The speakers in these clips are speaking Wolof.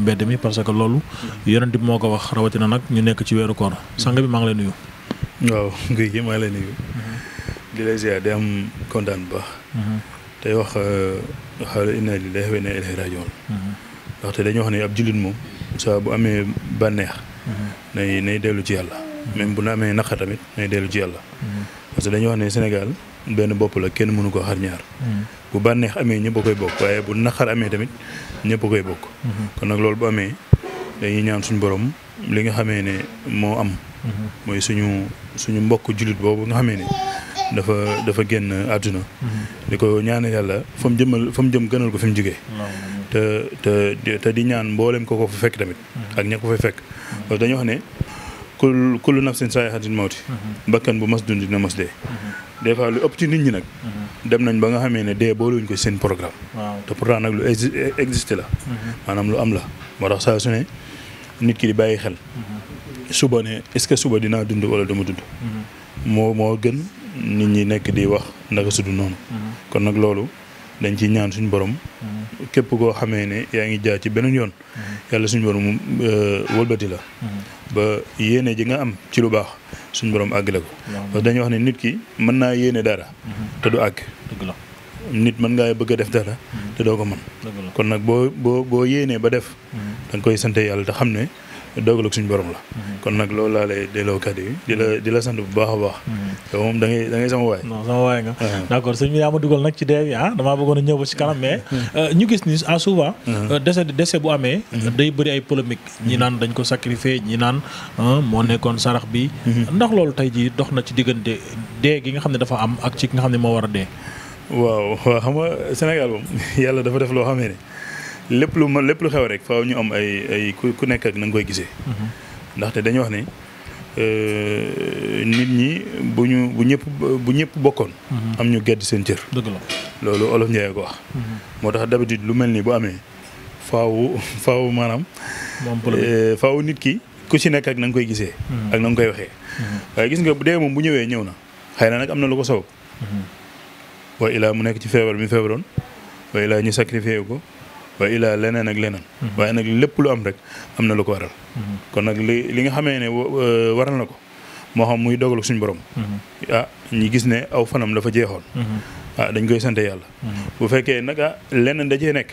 mbedd mi parce que loolu yonent bi moo ko wax rawatina nag ñu nekk ci weeru koor sang bi maa ngi lay nuyu. waaw guy gi maa lay nuyu. Mhm. di lay ziar am kontaan bu baax. Mhm. tey wax euh, xaaral inna lillahi wa inna ilayhi rajiun. Mhm. ndaxte wax ne ab jullit moom saa bu amee bànneex. nay nay dellu ci yàlla. même bu na amee naqa tamit nay dellu ci yàlla. parce que dañoo wax ne Sénégal benn bopp la kenn mënu ko xar ñaar. bu bànneex amee ñëpp a koy bokk waaye bu naqar amee tamit. ñëpp koy bokk. Mhm. kon nag loolu bu amee dañuy ñaan suñu borom li nga xamee ne moo am. Mhm. mooy suñu suñu mbokk jullit boobu nga xamee ne dafa dafa génn àdduna. Mhm. di ko ñaan yàlla fa mu jëmal fa mu jëm gënal ko fi mu jugee. te te di ñaan mboolem ko ko fa fekk tamit. ak ña ko fa fekk. dañuy wax ne. kul kullu nafsin saayaxatin mawti bakkan bu mas dund dina mas dee des fois lu ëpp ci nit ñi nag. Mhm. dem nañ ba nga xamee ne dee booluñ ko seen programme. te pourtant nag lu e-, existe la. Mhm. maanaam lu am la moo tax saa su ne nit ki di bàyyi xel. Mhm. suba ne est-ce que suba dinaa dund wala duma dund. moo moo gën nit ñi nekk di wax naka su noonu. kon nag loolu dañ ciy ñaan suñu borom. képp koo xamee ne yaa ngi jaar ci beneen yoon. yàlla suñu borom euh, walbati la. ba yéene ji nga am ci lu baax. suñu borom àggale ko. parce que dañuy wax ne nit ki mën naa yéene dara. Mm-hmm. te du àgg. nit mën ngaa bëgg a def dara. Mm-hmm. te doo ko mën. kon nag boo boo boo yéenee ba def. Mm-hmm. da koy sant yàlla te xam ne. dogalu suñu borom la. Mhm. kon nag loolu laa lay delloo kàddu yi di la mhm. di la sant bu baax a baax. Mhm. te moom da ngay da ngay sama waay. non sama waay nga. Ah. d'accord sëñ bi yaa ma dugal nag ci dee bi ah, damaa bëggoon a ñëw ba ci kanam mais. Euh, ñu gis ni à ah, souvent. Euh, décès décès bu amee. day bëri ay polémique ñi naan dañ ko sacrifier ñi naan moo nekkoon sarax bi. ndax loolu tey jii dox na ci diggante dee gi nga xam ne dafa am ak ci ki nga xam ne moo war a dee. waaw waaw xam nga Sénégal moom yàlla dafa def loo xamee ne. lépp lu ma lépp lu xew rek faaw ñu am ay ay ku nekk ak na nga koy gisee. Mhm. ndaxte dañu wax ni euh, nit ñi bu ñu bu ñëpp bu bokkoon. Mhm. am ñu gedd seen cër. loolu olof Ndiaye ko wax. Mhm. moo tax d'habitude lu mel nii bu amee faaw faaw maanaam. Euh, faaw nit ki ku si nekk ak na nga koy gisee. ak na koy waxee. waaye gis nga bu dee moom bu ñëwee ñëw na xëy na nag am na lu ko sabab. waaye ilaa mu nekk ci feebar bi mu feebaroon waaye ilaa ñu sacrifié ko. waaye ilaa leneen ak leneen. Mhm. waaye nag lépp lu am rek am na lu ko waral. Mhm. kon nag li li nga xamee ne waral na ko moo xam muy dogalu suñu borom. Mhm. ah ñi gis ne aw fanam dafa jeexoon. ah dañ koy sant yàlla. bu fekkee nag ah leneen da cee nekk.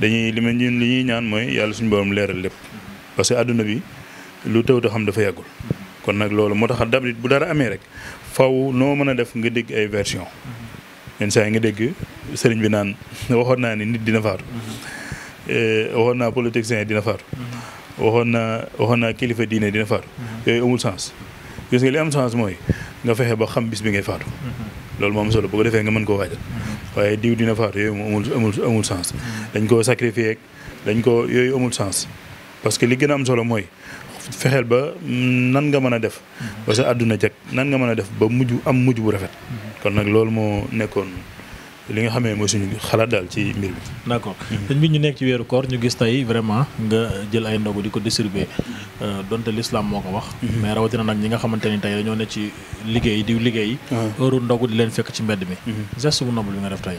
dañuy li ma li ñuy ñaan mooy yàlla suñ borom leeral lépp parce que àdduna bi lu tëw te xam dafa yàggul. kon nag loolu moo tax dab bu dara amee rek faw noo mën a def nga dégg ay version yenn saa yi nga dégg sëriñ bi naan waxoon naa ni nit dina faatu. Eh, waxoon naa politicien dina faatu. waxoon naa waxoon naa kilifa diine dina faatu. yooyu amul sens. gis nga li am sens mooy nga fexe ba xam bis bi ngay faatu. loolu moom solo boo ko defee nga man koo waajal. waaye diw dina faatu yooyu amul amul amul sens. dañ koo sacrifier dañ ko yooyu amul sens. parce que li gën a am solo mooy fexeel ba nan nga mën a def ba sa àdduna jag nan nga mën a def ba mujj am mujj bu rafet kon nag loolu moo nekkoon li nga xamee mooy suñu xalaat daal ci mbir mi. d'accord dañ bi ñu nekk ci weeru koor ñu gis tey vraiment nga jël ay ndogu di ko distribuer euh, donte l'islam moo ko wax. Mhm. mais rawatina nag ñi nga xamante ni tey dañoo ne ci liggéey di liggéey. Ah. heure ndogu di leen fekk ci mbedd mi. Mhm. geste bu noble bi nga def tey.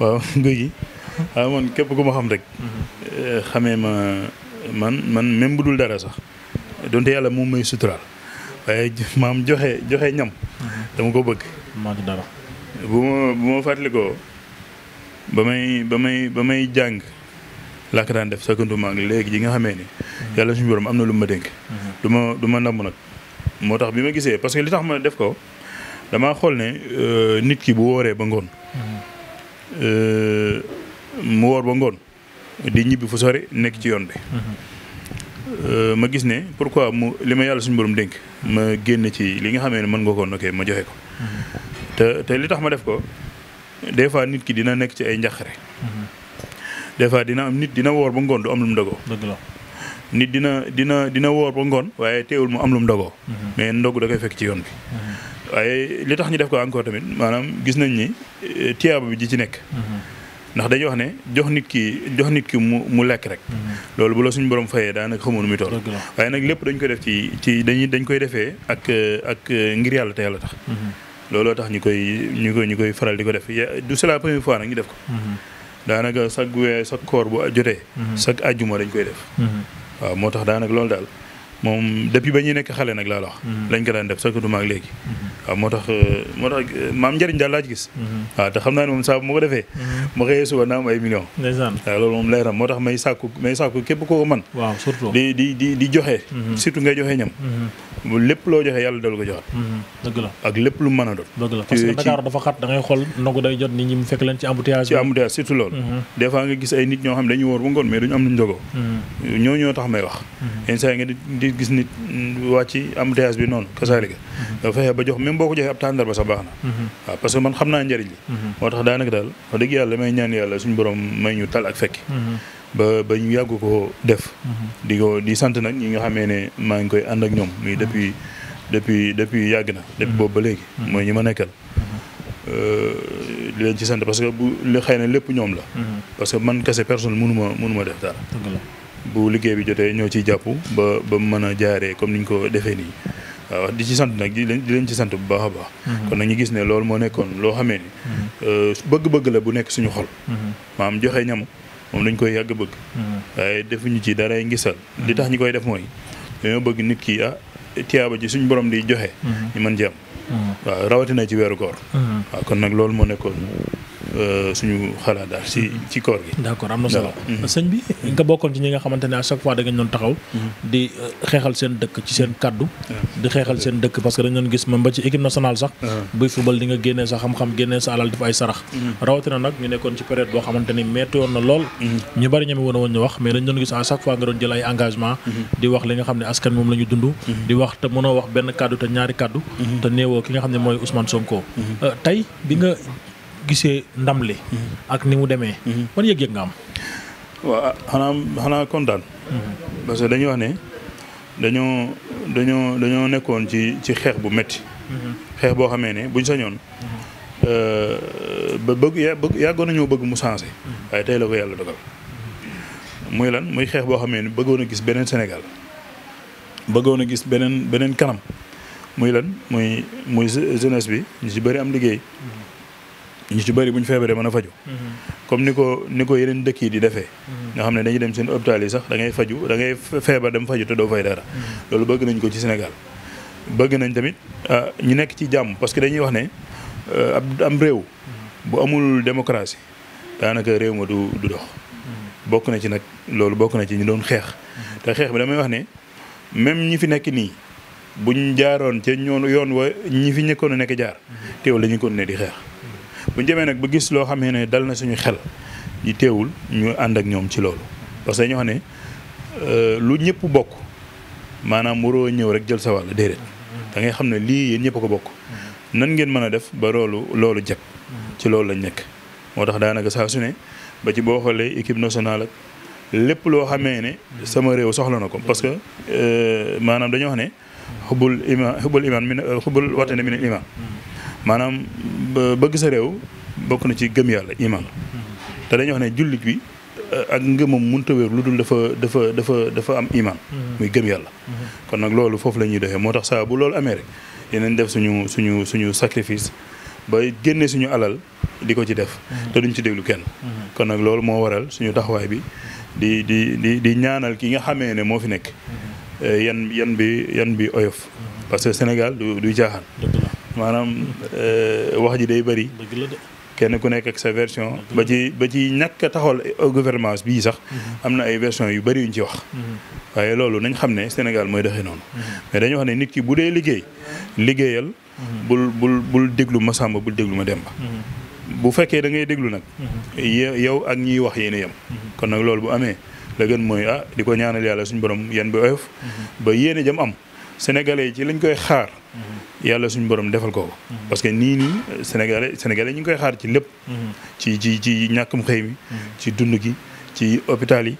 waaw guy gi waaw ah, man képp ku ma xam rek. Mhm. Eh, xamee ma man man même bu dul dara sax. donte yàlla moom may suturaal waaye maam joxe joxe ñam. dama ko bëgg. bu ma bu ma fàttalikoo ba may ba may ba may jàng laa ko daan def sakkandu maa léegi ji nga xamee ni. yàlla suñu borom am na lu ma dénk. du ma du ma namm nag. moo tax bi ma gisee parce que li tax ma def ko damaa xool ne euh, nit ki bu wooree ba ngoon. Euh, mu woor ba ngoon di ñibbi fu sori nekk ci yoon bi. Euh, ma gis ne pourquoi mu li ma yàlla suñu borom dénk ma génn ci li nga xamee ne man nga ko nokkee ma joxe ko te te li tax ma def ko des fois nit ki dina nekk ci ay njaqare des fois dina am nit dina woor ba ngoon du am lu mu dogoo nit dina dina dina woor ba ngoon waaye teewul mu am lu mu dogoo mhm. mais ndog da koy fekk ci yoon bi mhm. waaye li tax ñu def ko encore tamit maanaam gis nañ ni euh, tiyaaba bi ji ci nekk mhm. ndax dañu wax ne jox nit ki jox nit ki mu mu lekk rek. Mhm. loolu bu la suñu borom fayee daanaka xamoo nu muy toll. waaye nag lépp dañ koy def ci ci dañuy dañ koy defee ak ak eh, ngir yàlla te yàlla tax. Mhm. looloo tax ñu koy ñu koy ñu faral di ko def du c'est la première fois nag ñu def ko. Mhm. daanaka sag wee sag koor bu jotee. sag àjjuma dañ koy def. waaw moo tax daanaka loolu daal. moom depuis ba ñuy nekk xale nag laa wax. Mhm. lañ ko daan def sakkatuma léegi. Mhm. waaw moo tax euh, euh, maam njëriñ daal laa gis. Mhm. waaw te xam naa ne moom saa bu ma ko defee. ma xëyee suba naa am ay millions. ndeysaan waaw loolu moom leeram moo tax may sàkku may sàkku képp koo man waaw surtout di di di di joxe. surtout ngay joxe ñam. lépp loo joxe yàlla ko joxat la ak lépp lu mën a doon. parce que Dakar dafa xat da ngay xool ndogu day jot nit ñi mu fekk leen ci embouteillage. ci embouteillage surtout loolu. des fois nga gis ay nit ñoo xam dañuy wóor ba ngoon mais duñu am lu jogoo. ñoo tax may wax. di gis nit wàcc ci am déage bi noonu kasaalika mhm. nga fexe ba jox même boo ko joxee ab tàndar ba sax baax na mhm. waaw parce que man xam naa njëriñ li mhm. moo tax daanaka daal wax dëgg yàlla may ñaan yàlla suñu borom may ñu tal ak fekki ba ba ñu yàgg ko def di ko di sant nag ñi nga xamee ne maa ngi koy ànd ak ñoom muy depuis depuis yàgg na depuis boobu ba léegi mooy ñi ma nekkal euh, di leen ci sant parce que bu li na lépp ñoom la parce que man kese personne mënuma mënuma def dara bu liggéey bi jotee ñoo ciy jàpp ba ba mën a jaaree comme ni ñu ko defee nii waaw di ci sant nag di leen di leen ci sant bu baax a baax. Mhm. kon nag ñu gis ne loolu moo nekkoon loo xamee ni. Mhm. Euh, bëgg-bëgg la bu nekk suñu xol. Mhm. maam joxe ñam moom dañ koy yàgg bëgg. waaye defuñu ci dara ngisal. li tax ñu koy def mooy dañoo bëgg nit ki ah tiyaaba ji suñu borom di joxe. ñu mën ci am. waaw rawatina ci weeru koor. waaw kon nag loolu moo nekkoon. Euh, suñu xalaat daal ci ci koor gi. d'accord am na solo. Mhm. sëñ bi nga bokkoon ci ñi nga xamante à chaque fois da ngeen doon taxaw. Mhm. di euh, xeexal seen dëkk ci seen kaddu. di xeexal seen dëkk parce que dañu doon gis même ba ci équipe nationale sax. Uh-huh. buy football di nga génnee xam-xam génnee sa alal def ay sarax. Mhm. rawatina nag ñu nekkoon ci période boo xamante ni na lool. ñu bari ñeme woon woon ñu wax mais dañu doon gis à chaque fois nga doon jël ay engagement. di wax li nga xam ne askan moom la ñu dund. di wax te mënoo wax benn kaddu te ñaari kaddu. te néewoo ki nga xam ne mooy Ousmane Sonko. Euh, tey gisee ndam li. Mhm. ak ni mu demee. Mhm. ban yëg-yëg nga am. waaw ah, xanaa xanaa kontaan. Mhm. parce que dañuy wax ne dañoo dañoo dañoo nekkoon ci ci xeex bu metti xeex boo xamee ne buñ sañoon. Euh, ba bëgg yaa bëgg yàggoon nañoo bëgg mu changé. waaye tey muy lan muy xeex boo xamee ne bëggoon a gis beneen Sénégal bëggoon a gis beneen beneen kanam muy lan muy muy jeunesse bi ñu ci bëri am liggéey. ñu ci bari bu ñu feebaree mën a faju mm-hmm. comme ni ko ni ko yeneen dëkk yi di defee mm-hmm. nga xam ne dañuy dem seen hôpital yi sax da ngay faju dangay ngay feebar dem faju te doo fay dara mm-hmm. loolu bëgg nañ ko ci Sénégal bëgg nañ tamit ah, ñu nekk ci jàmm parce que dañuy wax ne ah, ab am réew bu amul démocratie daanaka réew ma du du dox bokk na ci nag loolu bokk na ci ñu doon xeex te xeex bi damay wax ne même ñi fi nekk nii buñ jaaroon ca ñoon yoon wa ñi fi ñëkkoon a nekk jaar teew la ñu kon ne di xeex bu ñu nag ba gis loo xamee ne dal na suñu xel ñu teewul ñu ànd ak ñoom ci loolu parce que ñoo xam ne euh, lu ñëpp bokk maanaam waroo ñëw rek jël sa wàll déedéet da ngay xam ne lii yéen ñëpp ko bokk nan ngeen mën a def ba loolu loolu jag ci loolu lañ nekk moo tax daanaka saa sune ba ci boo xoolee équipe nationale ak lépp loo xamee ne sama réew soxla na ko parce que euh, maanaam dañoo wax ne xubul iman xubul iman min xubul watane min iman maanaam bëgg sa réew bokk na ci gëm yàlla iman te dañuy wax ne jullit bi euh, ak ngëmam mënut a lu dul dafa dafa dafa dafa am iman mhm. muy gëm yàlla mhm. kon nag loolu foofu la ñuy doxee moo tax saa bu loolu amee rek yeneen def suñu suñu suñu sacrifice ba génne suñu alal di ko ci def mhm. te duñ ci déglu kenn kon nag loolu moo waral suñu taxawaay bi di di di di ñaanal ki nga xamee ne moo fi nekk euh, yan yan bi yan bi oyof parce que Sénégal du du jaaxaan maanaam euh, wax ji day bëri. kenn ku nekk ak sa version. ba ci ba ci ñàkk taxawal euh, gouvernance bii sax. Mhm. am na ay version yu bëri yuñ ci wax. Mhm. waaye loolu nañ xam ne Sénégal mooy doxee noonu. Mhm. mais dañoo wax ne nit ki bu dee liggéey liggéeyal. bul bul bul déglu ma Samba bul déglu ma Demba. bu fekkee da ngay déglu nag. yow ak ñiy wax yéen a yem. kon nag loolu bu amee la gën mooy ah di ko ñaanal yàlla suñu borom yéen bi oyof. ba yéen a jëm am sénégalais ci lañ koy xaar. yàlla suñu borom defal ko mm-hmm. parce que nii nii sénégalais sénégalais ñu ngi koy xaar ci lépp mm-hmm. ci ci ci ñàkkum xëy mi mm-hmm. ci dund gi ci hôpital yi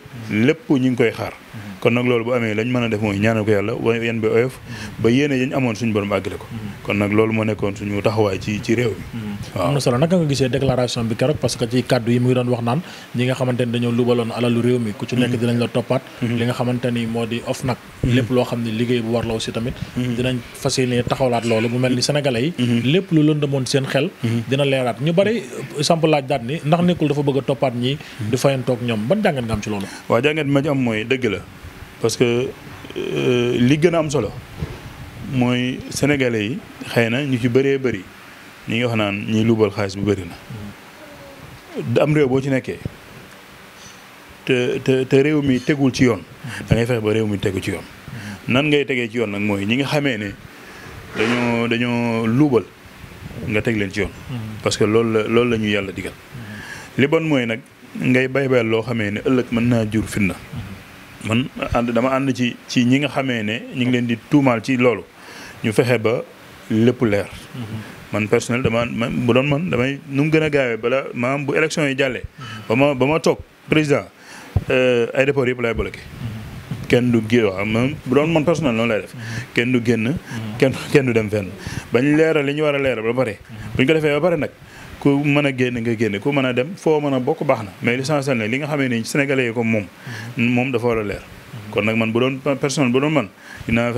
lépp ñu ngi koy xaar Mm-hmm. kon nag loolu bu amee lañ mën a def mooy ñaanal ko yàlla wa yan bi oyof mm-hmm. ba yéene yañ amoon suñu borom àggale ko mm-hmm. kon nag loolu moo nekkoon suñu taxawaay ci ci réew mi waaw am na solo naka nga gisee déclaration parce que ci kàddu yi mu ngi doon wax naan nga xamante ni dañoo lubaloon alalu réew mi ku la toppaat li nga xamante ni moo di of nag lépp loo xam ne liggéey bu war la aussi tamit dinañ fas yéene taxawlaat loolu bu mel ni sénégalais lépp lu lëndëmoon seen xel dina leeraat ñu bari samp laaj daat ni ndax nekkul dafa bëgg a toppaat ñi di fayantoog ñoom ban jàngat nga am ci loolu waaw jàngat ma ci am mooy dëgg la parce que euh, li gën a am solo mooy sénégalais yi xëy na ñu ci bëree bëri ñu ngi wax naan ñuy luubal xaalis bu bëri na. am réew boo ci nekkee te te te réew mi tegul ci yoon. da ngay fexe ba réew mi tegu ci yoon. nan ngay tegee ci yoon nag mooy ñi nga xamee ne dañoo dañoo luubal nga teg leen ci yoon. Mm-hmm. parce que loolu la loolu la yàlla digal. Mm-hmm. li bon mooy nag ngay bay bayal loo xamee ne ëllëg mën naa jur fitna. Mm-hmm. man ànd dama ànd ci ci ñi nga xamee ne ñu ngi leen di tuumaal ci loolu ñu fexe ba lépp leer. Mm-hmm. man personnel dama man bu doon man damay nu mu gën a gaawee bala maam bu élection yi jàllee. Mm-hmm. ba ma ba ma toog président euh, aéroport yëpp laay bloqué. Mm-hmm. kenn du gé waaw man bu doon man personnel noonu lay def. kenn du génn. kenn kenn du dem fenn bañ leeral li ñu war a leeral ba pare. buñ ko defee ba pare nag. ku mën a génn nga génn ku mën a dem foo mën a bokk baax na mais l'essentiel ne li nga xamee ni sénégalais ko moom moom dafa war a leer kon nag man bu doon ba mu leer na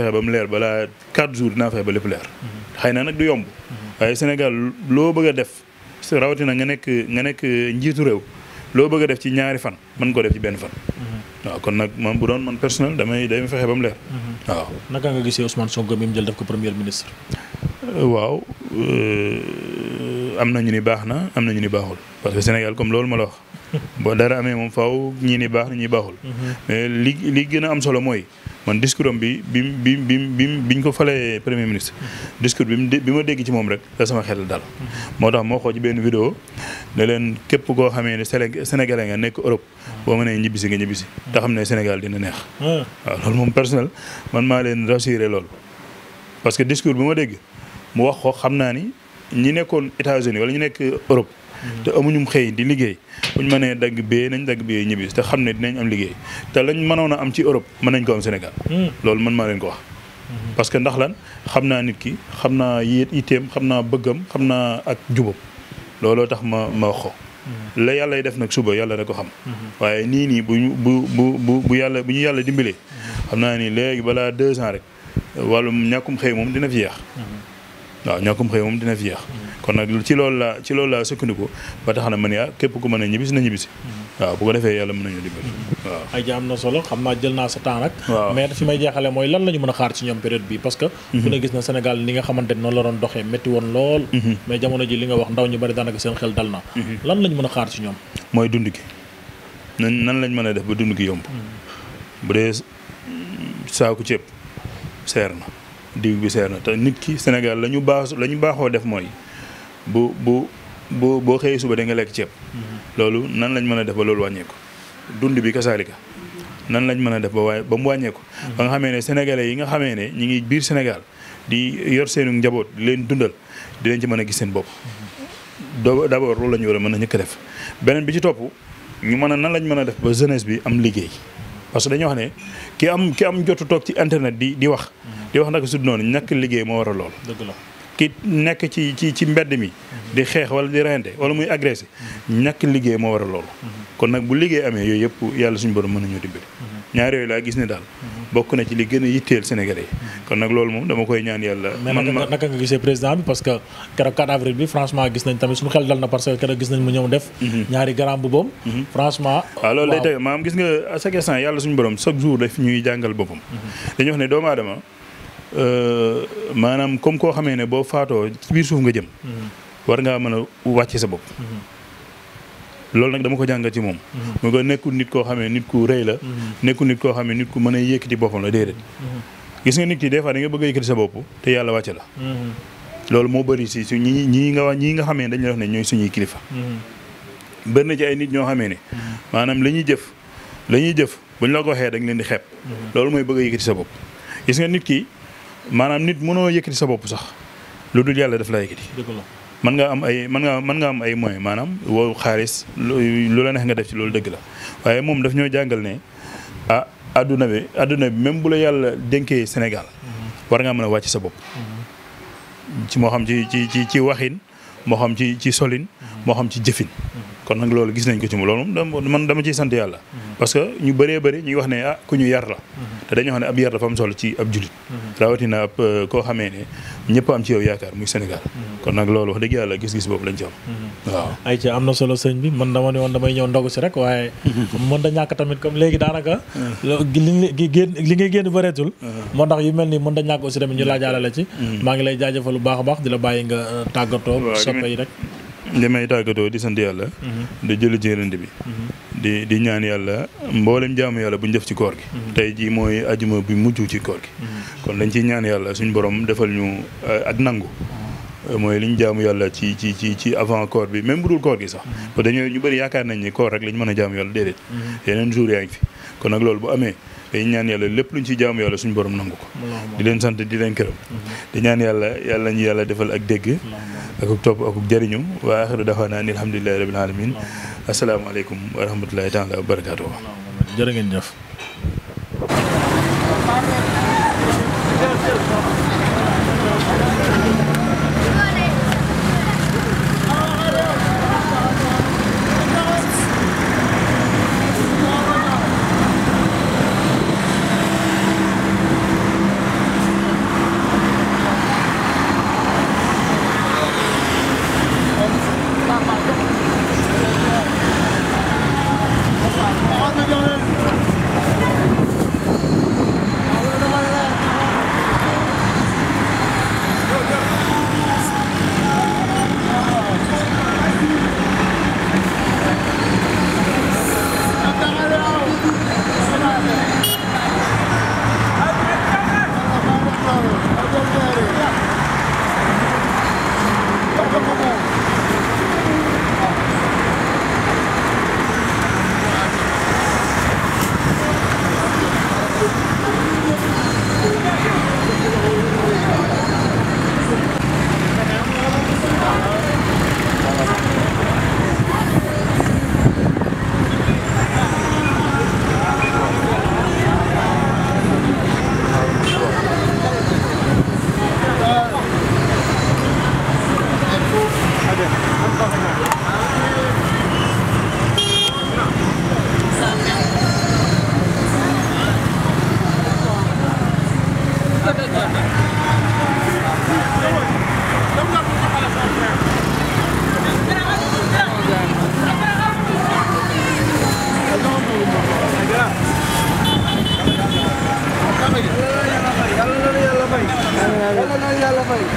nag du a def rawatina nga nekk nga nekk njiitu réew a def ko def ci benn fan waaw kon nag man bu doon man personnel damay day fexe ba mu leer waaw naka nga gisee Ousmane Sonko bi mu jël def ko premier ministre waaw euh, am na ñu ni baax na am na ñu ni baaxul parce que Sénégal comme loolu ma la wax boo dara amee moom faaw ñii ni baax na ñuy baaxul mais li li gën a am solo mooy man discours am bi bi bi bi bi biñ ko falee premier ministre discours bi bi ma dégg ci moom rek da sama xel dal moo tax moo xoo ci benn vidéo ne leen képp koo xamee ne nga nekk Europe boo mënee ñibbisi nga ñibbisi te xam ne Sénégal dina neex ah. waaw loolu moom personnel man maa leen rassuré loolu parce que discours bi ma dégg mu wax ko xam naa ni ñi nekkoon États-Unis wala ñu nekk Europe. te amuñum xëy di liggéey buñ mënee dagg bee nañ dagg bee ñibbi te xam ne dinañ am liggéey te lañ mënoon a am ci Europe mën nañ ko am Sénégal. Hmm. loolu man maa leen ko wax. Hmm. parce que ndax lan xam naa nit ki xam naa yitteem xam naa bëggam xam naa ak jubam looloo tax ma ma wax ko hmm. la yàlla def nag suba yàlla da ko xam. waaye nii nii bu ñu bu bu bu bu yàlla bu ñu yàlla dimbalee. xam naa ni léegi balaa deux ans rek wàllum ñàkkum xëy moom dina fi waaw ñoo ko xëy moom dina fi jeex kon nag ci loolu laa ci loolu laa sukkandiku ba tax na man yaa ah, képp ku mën a ñibbisi na ñibbisi mm-hmm. waaw bu ko defee yàlla mën nañu ja am na solo xam naa jël naa sa temps nag may jeexale mooy lan la ñu mën a xaar ci ñoom période bi parce que mm-hmm. ku ne gis na Sénégal li nga xamante ni noonu la doon doxee métti woon lool mm-hmm. mais jamono ji li nga wax ndaw ñu bari daanaka seen xel dal na lan la ñu a xaar ci ñoom mooy dund gi nan nan lañ mën a def ba dund gi yomb bu dee mm, saaku ceeb seer na diw bi seer na te nit ki Sénégal la ñu baax la ñu baaxoo def mooy bu bu bu boo xëyee suba da nga lekk ceeb. Mm-hmm. loolu nan lañ mën a def ba loolu wàññeeku dund bi kasaalika nan lañ mën a def ba waaye ba mu wàññeeku. Mm-hmm. ba nga xamee ne sénégalais yi nga xamee ne ñu ngi biir Sénégal di yor seenu njaboot di leen dundal di leen ci mën a gis seen bopp. Mm-hmm. d' abord loolu la ñu war a mën a ñëkk def beneen bi ci topp ñu mën a nan lañ mën a def ba jeunesse bi am liggéey parce que dañuy wax ne am ki toog ci internet di di wax. di wax naka su noonu ñàkk liggéey moo war a lool. ki nekk ci mbedd mi. di xeex wala di reyante wala muy agressé. ñàkk liggéey moo war a loolu. kon nag bu liggéey amee yooyu yëpp yàlla suñu borom mën nañoo dimbali. ñaar yooyu bokk na ci li gën a yitteel loolu moom dama koy ñaan yàlla. man ma naka bi que keroog 4 avril bi franchement gis na parce que keroog gis nañ mu ñëw def. ñaari garaam bu boom. franchement. waaw loolu day tey maam gis nga à yàlla suñu borom chaque jour daf ñuy jàngal boppam. dañuy wax ne doomu aadama. Euh, maanaam comme koo xamee ne boo faatoo ci biir suuf nga jëm. Mm-hmm. war ngaa mën a wàcc sa bopp. Mm-hmm. loolu nag dama ko jàngal ci moom. Mm-hmm. mu ko nekkul nit koo xamee nit ku rëy la. nekkul nit koo xamee nit ku mën a yëkkati boppam la déedéet. gis nga nit ki des fois da nga bëgg a bopp te yàlla wàcce la. loolu moo bëri si su ñi ñii nga ñii nga xamee dañu la wax ne ñooy suñuy kilifa. bëri na ci ay nit ñoo xamee ne. maanaam lañuy ñuy jëf la ñuy jëf buñ la ko waxee dañ leen di xeeb. loolu mooy bëgg a yëkkati sa bopp gis nga nit ki maanaam nit mënoo yëkkati sa bopp sax lu dul yàlla daf laa yëkkati. dëgg la mën ngaa am ay mën ngaa mën ngaa am ay moyens maanaam woo xaalis lu la neex nga def ci loolu dëgg la waaye moom daf ñoo jàngal ne a ah, adduna bi adduna bi même bu la yàlla dénkee Sénégal. Mm-hmm. war nga mën a wàcc sa bopp. Mm-hmm. moo xam ci ci ci ci waxin moo xam ci ci solin mm-hmm. moo xam ci jëfin. kon nag loolu gis nañ ko ci mu loolu man dama ciy sant yàlla. parce que ñu bëree bëri ñuy wax ne ah ku ñu yar la. te dañoo xam ne ab yar dafa am solo ci ab julit mhm. rawatina ab euh, koo xamee ne ñëpp am ci yow yaakaar muy Sénégal mhm. kon nag loolu wax dëgg yàlla gis-gis boobu lañ ci am mhm. waaw ay ci am na solo sëñ bi man dama ne woon damay ñëw ndogu si rek waaye mën da ñàkk tamit comme léegi daanaka li génn li ngay génn bëreetul moo tax yu mel nii mën da ñàkk aussi tamit ñu laajaale la ci maa ngi lay jaajëfal bu baax baax di la bàyyi nga tàggatoo soppe yi rek li may tàggatoo di sant yàlla. Mhm. di jëli jërënd bi. Mhm. di di ñaan yàlla mboolem jaamu yàlla buñ def ci koor gi. Mhm. tey jii mooy ajuma bi mujj ci koor gi. kon dañ ciy ñaan yàlla suñ borom defal ñu eh, ak nangu. Eh, mooy liñ jaamu yàlla ci ci ci ci avant koor bi même bu dul koor gi sax. parce que ñu bëri yaakaar nañ ni koor rek lañ mën a jaamu yàlla déedéet. yeneen jours yaa ngi fi kon nag loolu bu amee. day ñaan yàlla lépp luñ ci jaamu yàlla suñu borom nangu ko di leen sant di leen këram mhm. di ñaan yàlla yàlla ñu yàlla defal ak dégg ak topp ak jëriñu waa axiru daxaanaa ni alhamdulilahi rabbil alamin asalaamaaleykum wa rahmatullahi taala wa barakaatu jërë ngeen jëf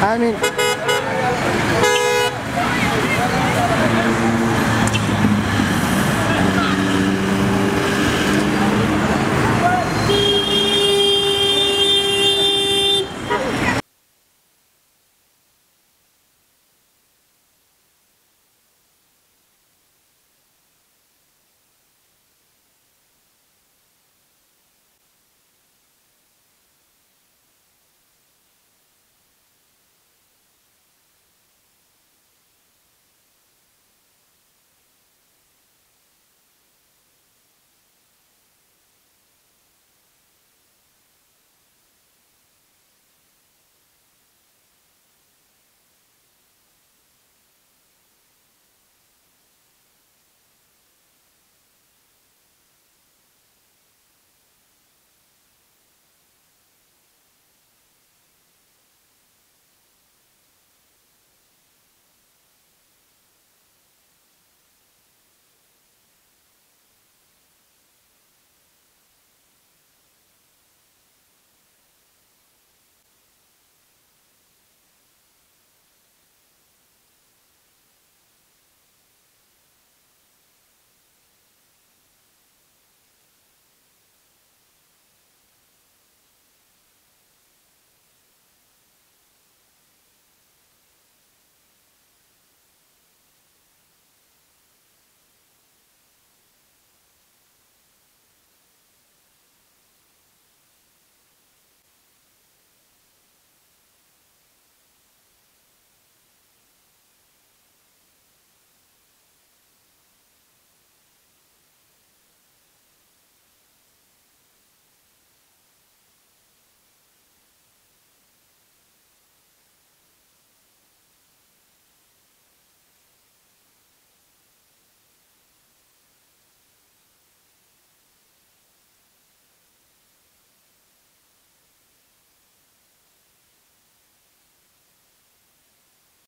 I mean